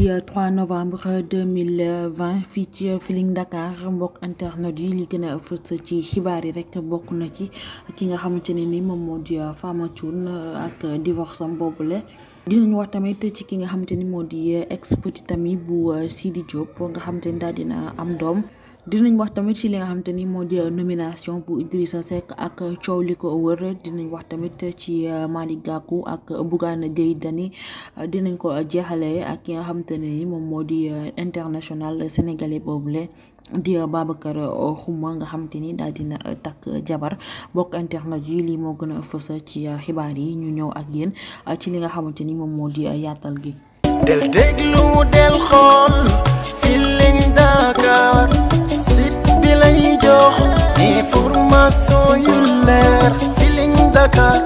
di 3 euh, novembre 2020 euh, fii ci Feeling Dakar mbokk internet yi li gën a fës ci xibaar yi rek bokk na ci ki nga xamante ne ni moom moo di euh, Fama Thioune ak divorce am boobule. wax tamit ci ki nga xamante ni moo di ex petit ami bu Sidi Diop nga xamante ni daal dina am doom. dinañ wax tamit ci li nga xamante ni moo di euh, nomination bu Idrissa Seck ak coow liko ko wër dinañ wax tamit ci euh, Malick Gakou ak Bougane Gueye Dany euh, dinañ ko jeexale ak ki nga xamante ne ni moom moo di international sénégalais boobule di Babacar Xuma nga xamante ni daal dina takk jabar bokk internet yi lii moo gën a fës ci xibaar yi ñu ñëw ak yéen ci li nga xamante ni moom moo di yaatal gi del déglu del xool Feeling Dakar information yu leer Feeling Dakar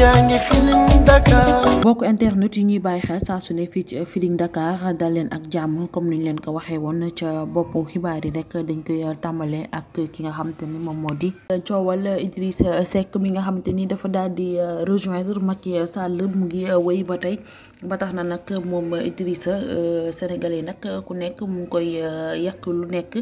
yaa ngi Feeling Dakar. mbokk internet yi ñuy bàyyi xel saa su ne fii ci Feeling Dakar dal leen ak jàmm comme niñ leen ko waxee woon ca boppu xibaar yi rek dañ koy tàmbalee ak ki nga xamante ni moom moo di coowal Idrissa Seck mi nga xamante ni dafa daldi di rejoindre Macky Sall mu ngi wéy ba tey. ba tax na nag moom Idrissa euh, sénégalais yi nag ku nekk mu ngi koy euh, yàq lu nekk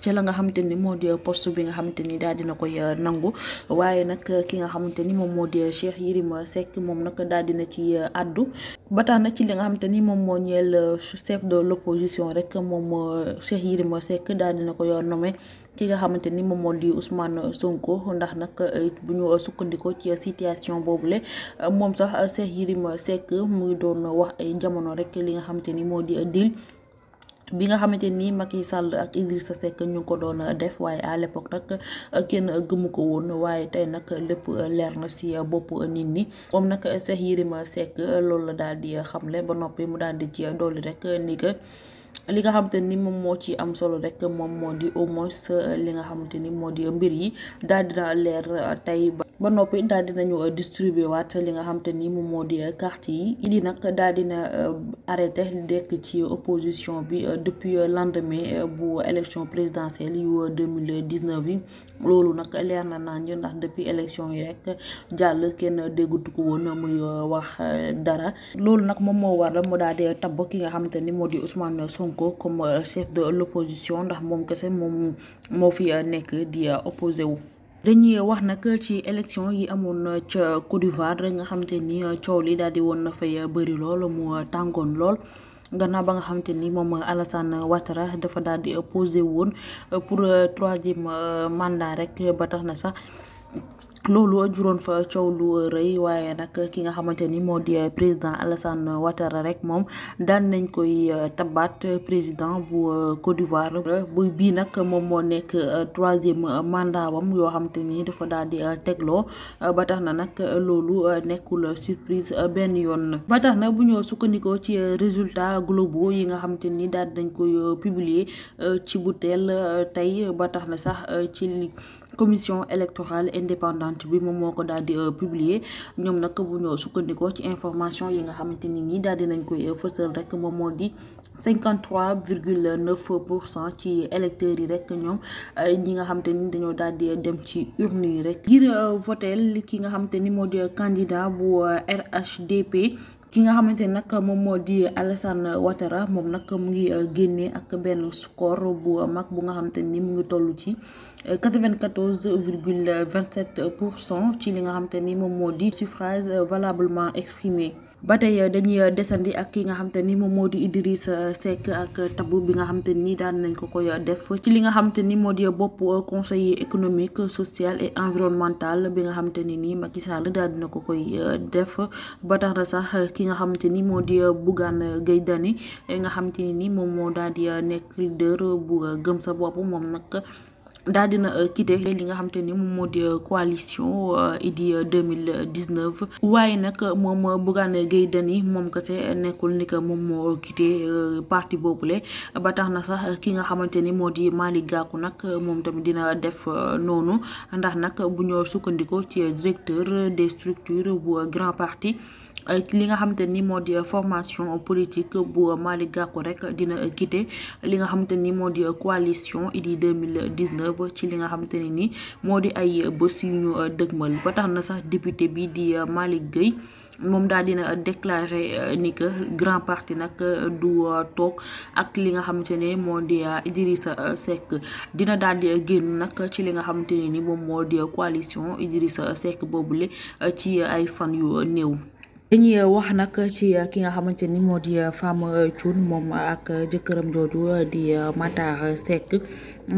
ci la nga xamante ni moo di post bi nga xamante ni daal dina koy euh, nangu waaye nag ki nga xamante ni moom moo di Cheikh Yérim Seck moom nag daal dina ci addu ba na ci li nga xamante ni moom moo ñeel chef de l'opposition rek moom Cheikh Yérim Seck daal dina koy nommé ki nga xamante ni moom moo di Ousmane Sonko ndax nag eh, bu ñu sukkandikoo ci situation la eh, moom sax Cheikh Yérim Seck muy doon wax ay jamono rek li nga xamante ni moo di deal bi nga xamante ni Macky Sall ak Idrissa Seck ñu ko doon def waaye à l'époque a kenn gëmu ko woon waaye tey nag lépp leer na si bopp nit ñi moom nag Cheikh Yérim Seck loolu la daal di xamle ba noppi mu daal di ci dolli rek ni li nga xamante ni moom moo ci am solo rek moom moo di au moins euh, li nga xamante ni moo di mbir yi daal dina leer euh, tey ba ba noppi daal di nañu euh, distribué waat li nga xam te ni moom moo di euh, carte yi Idy nag daal na euh, arrêté dekk ci opposition bi depuis lendemain bu élection présidentielle yu 2019 bi loolu nag leer na nañ ndax depuis élection yi rek jàll kenn déggutu ko woon muy wax dara loolu nag moom moo waral mu daal di tabb ki nga xamante ni moo di Ousmane Sonko comme chef de l'opposition ndax moom kese moom moo fi nekk di opposé wu. dañuy wax nag ci élection yi amoon ca Côte d'Ivoire nga xamante ni coow li daal di woon na fay bëri lool mu tàngoon lool. gannaaw ba nga xamante ni moom Alassane Ouattara dafa daal di posé woon pour troisième mandat rek ba tax na sax. loolu juróon fa coow lu rëy waaye nag ki nga xamante ni moo di président Alassane Ouattara rek moom daan nañ koy euh, tabaat président bu euh, Côte d'Ivoire bu bii nag moom moo nekk euh, troisième mandat wam yoo xamante ni dafa daal di tegloo ba tax na nag loolu nekkul surprise benn yoon ba tax na bu ñu sukkandikoo ci résultat globaux yi nga xamante ni daal nañ koy publier ci bu tey ba tax na sax ci commission électorale indépendante bi moom moo ko daal euh, publier ñoom nag bu ñu sukkandikoo ci information yi nga xamante ni nii daal di nañ koy euh, fësal rek moom moo di cinquante trois virgule neuf pour cent ci électeurs yi rek ñoom euh, ñi nga xamante ni dañoo daal di dem ci urne yi rek ngir votel ki nga xamante ni moo di candidat bu RHDP. ki nga xamante ni nag moom moo di Alassane Ouattara moom nag mu ngi euh, génnee ak benn score bu mag bu nga xamante ni mu ngi toll ci 94 euh, virgule 27 pour cent ci li nga xamante ni moom moo di suffrage euh, valablement exprimé. ba tey eh, dañuy eh, desandi ak ki nga xam te ni moom moo di Idrissa Seck ak tabu bi nga xam te nii daan nañ ko koy eh, def ci li nga xam te ni moo di bopp conseil économique social et environnemental bi nga xam te ni nii Macky Sall daal dina ko koy def ba tax na sax ki nga xam te ni moo di gay Gueye Dany nga xam te nii moom moo daal di nekk leader bu gëm sa bopp moom nag. daal na euh, quitté li nga xam ni moom moo di euh, coalition euh, Idy 2019 waaye nag moom Bougane Gueye Dany moom kese nekkul ni que moom moo quitté parti boobule ba tax na sax ki nga xamante ni moo di maali Gakou nag moom tamit dina def noonu ndax nag bu ñoo sukkandikoo ci directeur des structures bu grand parti li nga xamante ni moo di formation politique bu Malick Gakou rek dina quitter li nga xamante ni moo di coalition Idy 2019 ci li nga xamante ne ni moo di ay bés yu ñu dëgmal ba tax na sax député bi di Malick Gueye moom daal dina déclaré euh, ni que grand parti nag euh, du euh, toog ak li nga xamante ne moo di Idrissa Seck dina daal di génn nag ci li nga xamante ne ni moom moo di coalition Idrissa boobu le ci ay fan yu néew. ñu wax nag ci ki nga xamante ni moo di Fama Thioune moom ak jëkkëram jooju di Matar Seck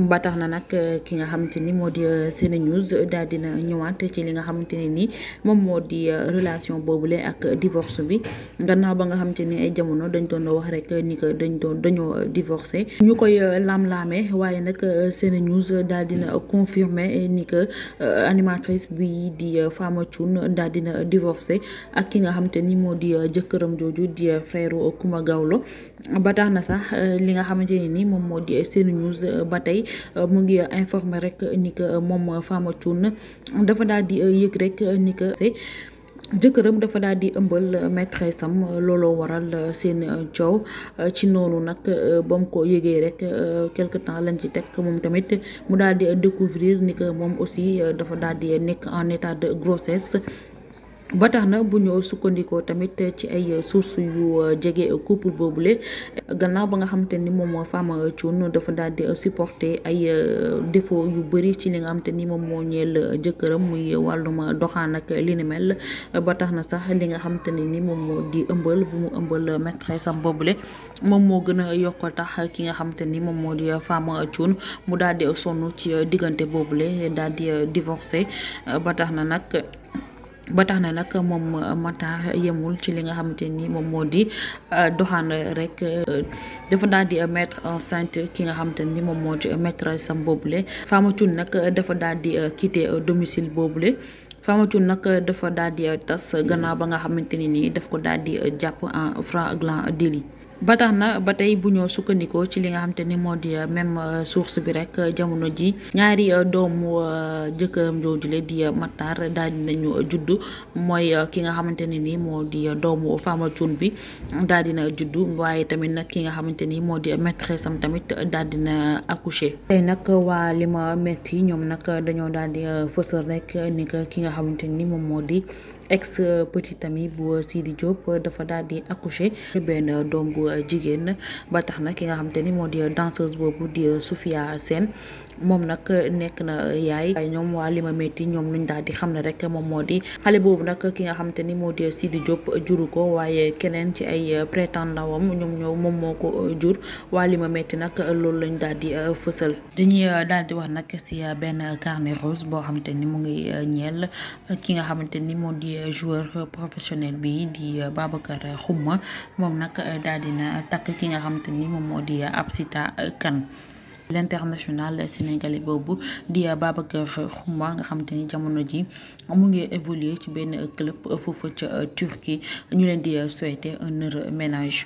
batax na nag ki nga xamante ni moo di Senenews daal dina ñëwaat ci li nga xamante ne ni moom moo di relation boobu boobule ak divorce bi gannaaw ba nga xamante ni ay jamono dañ doon wax rek ni que dañ doon dañoo divorcé ñu koy laam laame waaye nag Senenews daal dina confirmer ni que animatrice bi di Fama Thioune daal dina divorcé ak ki nga xamante ni moo di euh, jëkkëram jooju di euh, frère Coumba Gawlo ba na sax euh, li nga xamante ne ni moom moo di seen news ba tey mu ngi informé rek ni que moom Fama Thioune dafa daal di yëg rek ni que jëkkëram dafa daal di ëmbal maîtresse am looloo waral seen coow ci noonu nag ba mu ko yëgee rek quelque temps lañ ci teg moom tamit mu daal découvrir ni moom aussi dafa daal nekk en état de grossesse ba tax na bu ñu sukkandikoo tamit ci ay source yu euh, jege couple boobule gannaaw ba nga xamante ni moom moo Fama Thioune dafa daal di supporter ay euh, défaut yu bëri ci li nga xamante ni moom moo ñeel jëkkëram muy wàllum doxaan ak li ni mel ba tax na sax li nga xamante ne ni moom moo di ëmbal bu mu ëmbal maîtresse boobu boobule moom moo gën a yokk tax ki nga xamante ni moom moo di Fama Thioune mu daal di sonn ci diggante boobule daal di divorcé ba tax na nag. ba tax na nag moom Matar yemul ci li nga xamante ni moom moo di euh, doxaan rek euh, dafa daal di mettre enceinte ki nga xamante ni moom moo di maîtresse sam boobu Fama Thioune nag dafa daal di euh, quitter domicile boobu Fama Thioune nag dafa daal di tas gannaaw ba nga xamante ni nii daf ko daal di jàpp en flagrant délit ba tax na ba tey bu ñoo sukkandikoo ci li nga xam ni moo di euh, même euh, source bi rek euh, jamono ji ñaari doomu jëkkëram joojule di Matar daal juddu mooy ki nga xamante ne ni moo di doomu Fama Thioune bi daal dina juddu waaye tamit nag ki nga xamante ni moo di maîtresse am tamit daal dina accoucher tey nag waa li ma metti ñoom nag dañoo daal di fësal rek ni ki nga xamante ni moom moo di ex petit ami bu Sidi Diop dafa daal di accoucher benn doom bu jigéen ba tax na ki nga xam ni moo di danseuse boobu di Sophia Sène moom nag nekk na yaay waaye ñoom waa lima ma métti ñoom luñ daal di xam ne rek moom moo di xale boobu nag ki nga xamante ni moo di Sidi Diop juru ko waaye keneen ci ay prétendant wam ñoom ñoo moom moo ko jur waa li ma métti nag loolu lañ daal di fësal dañuy daal di wax nag si benn carnet boo xamante ni mu ngi ñeel ki nga xamante ni moo di joueur professionnel bi di Babacar Xuma moom nag daal na takk ki nga xamante ni moom moo di Absita Kane l'international sénégalais boobu di Babacar Khouma nga xam ni jamono ji mu ngi évoluer ci benn club foofu ca Turquie ñu leen di soyte un heureux ménage